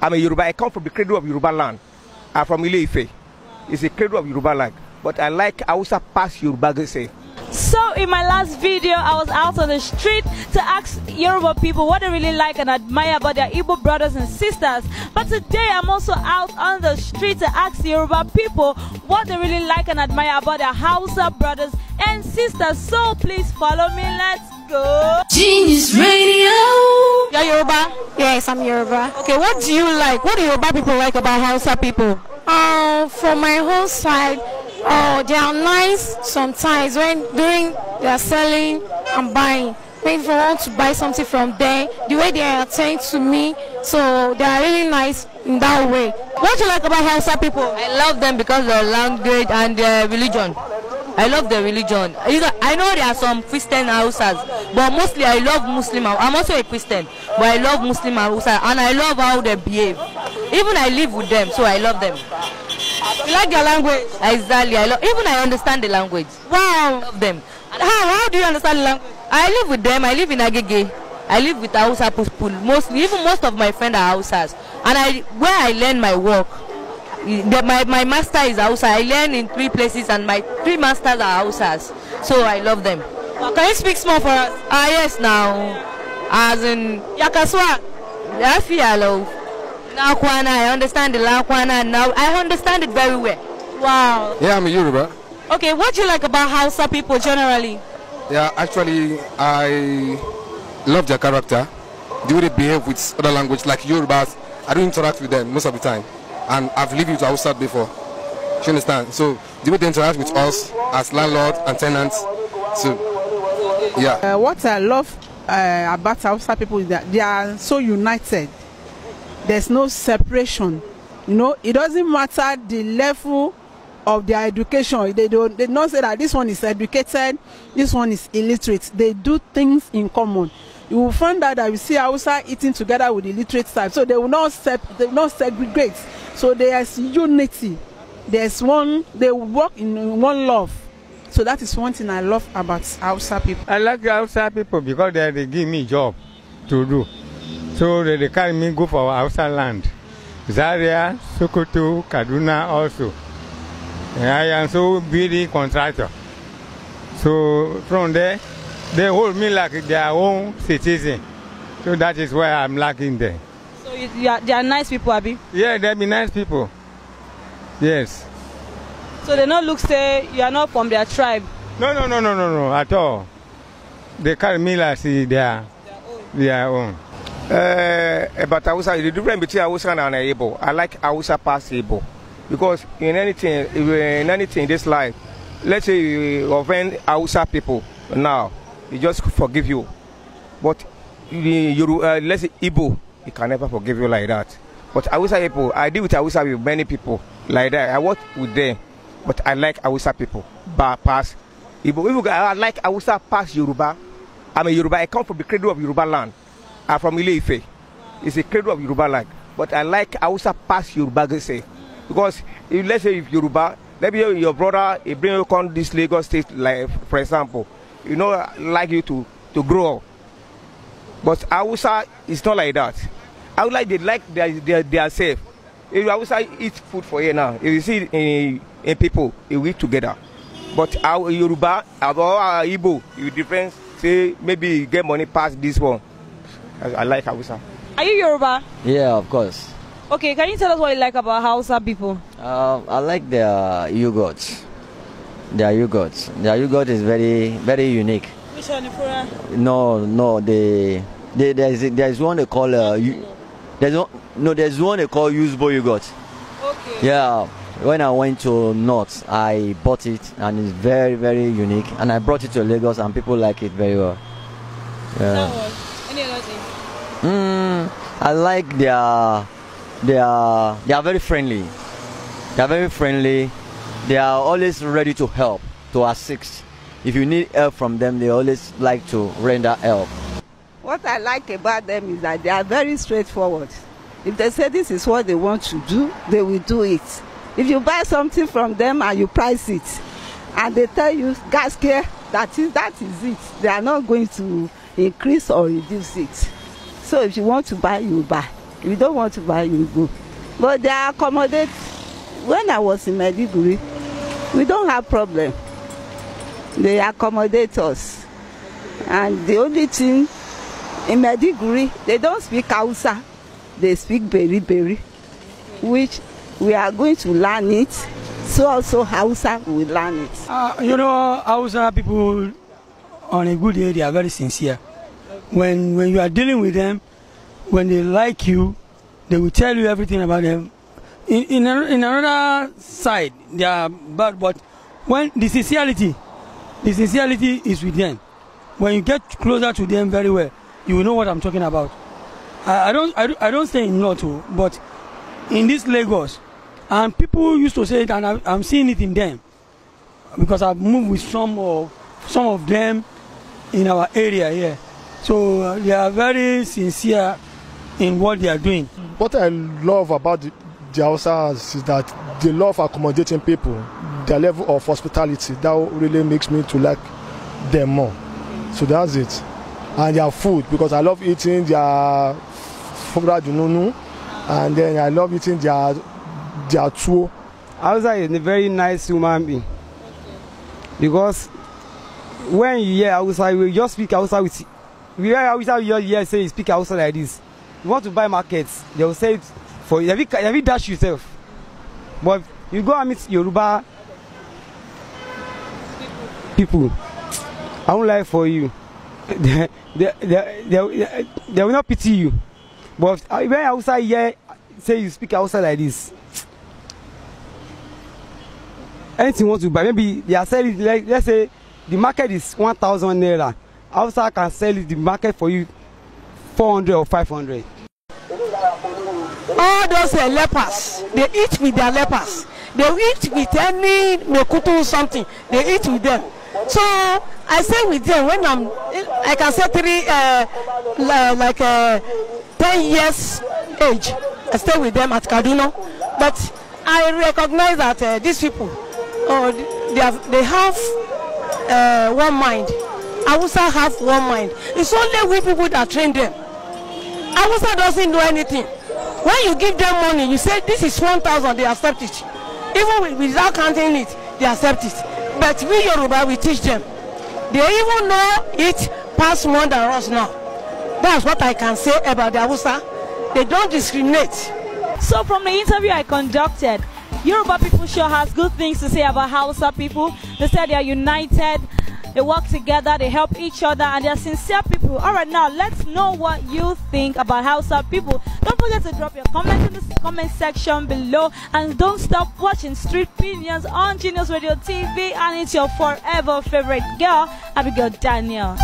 I'm a Yoruba. I come from the cradle of Yoruba land. I'm from Ile-Ife. It's a cradle of Yoruba land. But I like Hausa past Yoruba say. So in my last video, I was out on the street to ask Yoruba people what they really like and admire about their Igbo brothers and sisters. But today, I'm also out on the street to ask Yoruba people what they really like and admire about their Hausa brothers and sisters. So please follow me. Let's go. Genius Radio. You're Yoruba? Yes, I'm Yoruba. Okay, what do you like? What do Yoruba people like about Hausa people? Oh, uh, from my whole side, oh, they are nice sometimes when during they are selling and buying. Maybe if I want to buy something from them, the way they attend to me, so they are really nice in that way. What do you like about Hausa people? I love them because of their language and their religion. I love the religion. You know, I know there are some Christian houses, but mostly I love Muslim. I'm also a Christian, but I love Muslim Hausa, and I love how they behave. Even I live with them, so I love them. You like their language? Exactly. I love. Even I understand the language. Wow. I love them. How? How do you understand the language? I live with them. I live in Agege. I live with Hausa people Most, Even most of my friends are Hausas, and I where I learn my work. the, my, my master is Hausa. I learn in three places and my three masters are Hausas. So I love them. can you speak small for us? Ah, yes, now. As in... Yakaswa. Yafialo. Lakwana, I understand the Lakwana now. I understand it very well. Wow. Yeah, I'm a Yoruba. Okay, what do you like about Hausa people generally? Yeah, actually, I love their character. The way they behave with other language, like Yorubas, I don't interact with them most of the time. and I've lived with Awusat before. Do you understand? So the way they interact with us as landlord and tenants. So yeah. Uh, what I love uh, about Hausa people is that they are so united. There's no separation. You know, it doesn't matter the level of their education. They don't they don't say that this one is educated, this one is illiterate. They do things in common you will find out that you see Hausa eating together with the literate type. So they will not sep- they will not segregate. So there's unity. There's one they work in one love. So that is one thing I love about Hausa people. I like Hausa people because they, they give me job to do. So they, they carry me go for Hausa land. Zaria, Sokoto, Kaduna also. And I am so building contractor. So from there They hold me like their own citizen. So that is why I'm lacking there. So you, you are, they are nice people, Abi? Yeah, they be nice people. Yes. So they not look say you are not from their tribe? No, no, no, no, no, no, at all. They carry me like see their, their own. Their own. Uh, but Awusa, the difference between Awusa and Ibo, I like Awusa past Ibo, Because in anything, in anything in this life, let's say you offend Awusa people now, He just forgive you. But you, uh, let's say Igbo, he can never forgive you like that. But Awusa people, I deal with Awusa with many people like that. I work with them, but I like Awusa people. But pass Igbo, I like Awusa past Yoruba. I'm a Yoruba. I come from the cradle of Yoruba land. I'm from ile It's a cradle of Yoruba land. But I like Awusa past Yoruba, they say, because if, let's say if Yoruba, maybe your brother, he bring you come this Lagos state, like for example you know like you to to grow up but hausa is not like that hausa like they like their their their self if hausa eat food for here now if you see in in people you eat together but our yoruba or our igbo you difference say maybe get money past this one i, I like hausa. are you yoruba. yeah of course. okay can you tell us what you like about hausa people. Um, i like their yogurt. Their yogurt. Their yogurt is very, very unique. Which one, Ifura? No, no. The, the there's there's one they call uh, you, there's one, no there's one they call usebo yogurt. Okay. Yeah. When I went to North, I bought it and it's very, very unique. And I brought it to Lagos and people like it very well. Yeah. Any other thing? Mm, I like their, their, they are very friendly. They are very friendly they are always ready to help, to assist. If you need help from them, they always like to render help. What I like about them is that they are very straightforward. If they say this is what they want to do, they will do it. If you buy something from them and you price it, and they tell you gas care, that is, that is it. They are not going to increase or reduce it. So if you want to buy, you buy. If you don't want to buy, you go. But they accommodate. When I was in Mediguri, we don't have problem. They accommodate us. And the only thing in Mediguri, they don't speak Hausa, they speak Beri Beri, which we are going to learn it. So also Hausa will learn it. Uh, you know, Hausa people on a good day, they are very sincere. When, when you are dealing with them, when they like you, they will tell you everything about them in, in, in another side they are bad but when the sincerity the sincerity is with them when you get closer to them very well you will know what i'm talking about i, I don't I, I don't say in north but in this lagos and people used to say it and I, i'm seeing it in them because i've moved with some of some of them in our area here so uh, they are very sincere in what they are doing. what i love about the, the houses is that the love accommodating people, the level of hospitality, that really makes me to like them more. So that's it. And their food, because I love eating their fura dununu, and then I love eating their their tuwo. Hausa is a very nice human being. Because when you hear Hausa, you just speak Hausa with. We hear Hausa, you hear say you speak Hausa like this. You want to buy markets, they will say for you have you dash yourself but you go and meet yoruba people i won lie for you they they they they, they will not pity you but when outside here, say you speak outside like this anything wants to buy maybe they are selling like let's say the market is one thousand naira Outside can sell the market for you four hundred or five hundred all those uh, lepers they eat with their lepers they eat with any mekutu something they eat with them so i stay with them when i'm i can say three uh, like uh, ten years age i stay with them at kaduna but i recognize that uh, these people uh, they have they have uh, one mind hausa have one mind it's only we people that train them hausa doesn't know anything when you give them money you say this is one thousand they accept it even without counting it they accept it but we yoruba we teach them they even know it pass more than us now that's what i can say about the hausa they don't discriminate. so from the interview i conducted yoruba people sure has good things to say about hausa people they said they are united They work together, they help each other, and they are sincere people. All right, now let's know what you think about Hausa people. Don't forget to drop your comment in the comment section below, and don't stop watching Street Opinions on Genius Radio TV. And it's your forever favorite girl, Abigail Daniel.